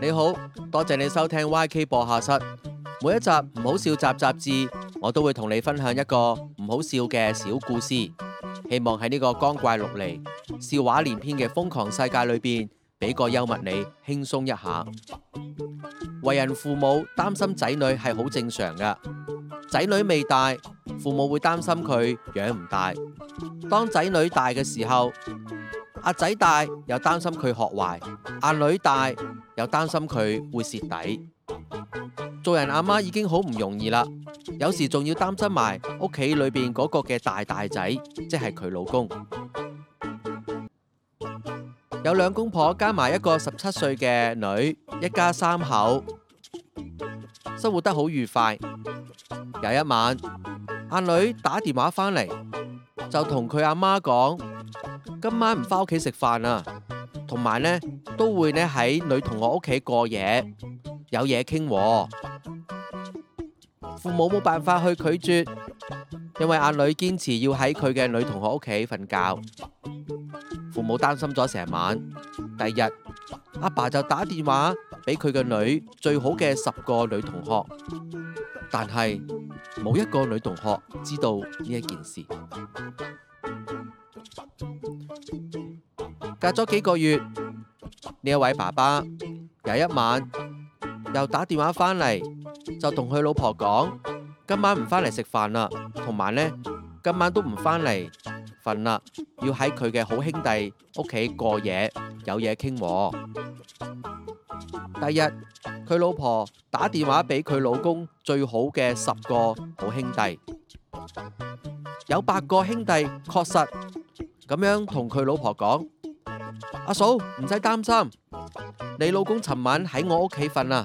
你好，多謝你收聽 YK 播客室。每一集唔好笑集雜誌，我都會同你分享一個唔好笑嘅小故事，希望喺呢個光怪陸離、笑話連篇嘅瘋狂世界裏邊，俾個幽默你輕鬆一下。為人父母擔心仔女係好正常嘅，仔女未大，父母會擔心佢養唔大；當仔女大嘅時候，阿仔大又擔心佢學壞，阿女大又擔心佢會蝕底。做人阿媽已經好唔容易啦，有時仲要擔心埋屋企裏邊嗰個嘅大大仔，即係佢老公。有兩公婆加埋一個十七歲嘅女，一家三口生活得好愉快。有一晚，阿女打電話返嚟，就同佢阿媽講：今晚唔返屋企食飯啦，同埋呢都會呢喺女同學屋企過夜，有嘢傾喎。父母冇辦法去拒絕，因為阿女堅持要喺佢嘅女同學屋企瞓覺。父母擔心咗成晚，第二日阿爸就打電話俾佢嘅女最好嘅十個女同學，但係冇一個女同學知道呢一件事。隔咗幾個月，呢一位爸爸又一晚又打電話翻嚟，就同佢老婆講，今晚唔返嚟食飯啦，同埋呢，今晚都唔返嚟瞓啦，要喺佢嘅好兄弟屋企過夜，有嘢傾。第日佢老婆打電話俾佢老公最好嘅十個好兄弟，有八個兄弟確實咁樣同佢老婆講：阿嫂唔使擔心，你老公尋晚喺我屋企瞓啦。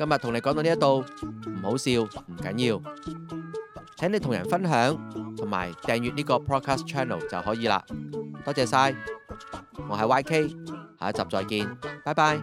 今日同你講到呢一度，唔好笑唔緊要，請你同人分享同埋訂閱呢個 Podcast Channel 就可以啦，多謝晒，我係 YK，下一集再見，拜拜。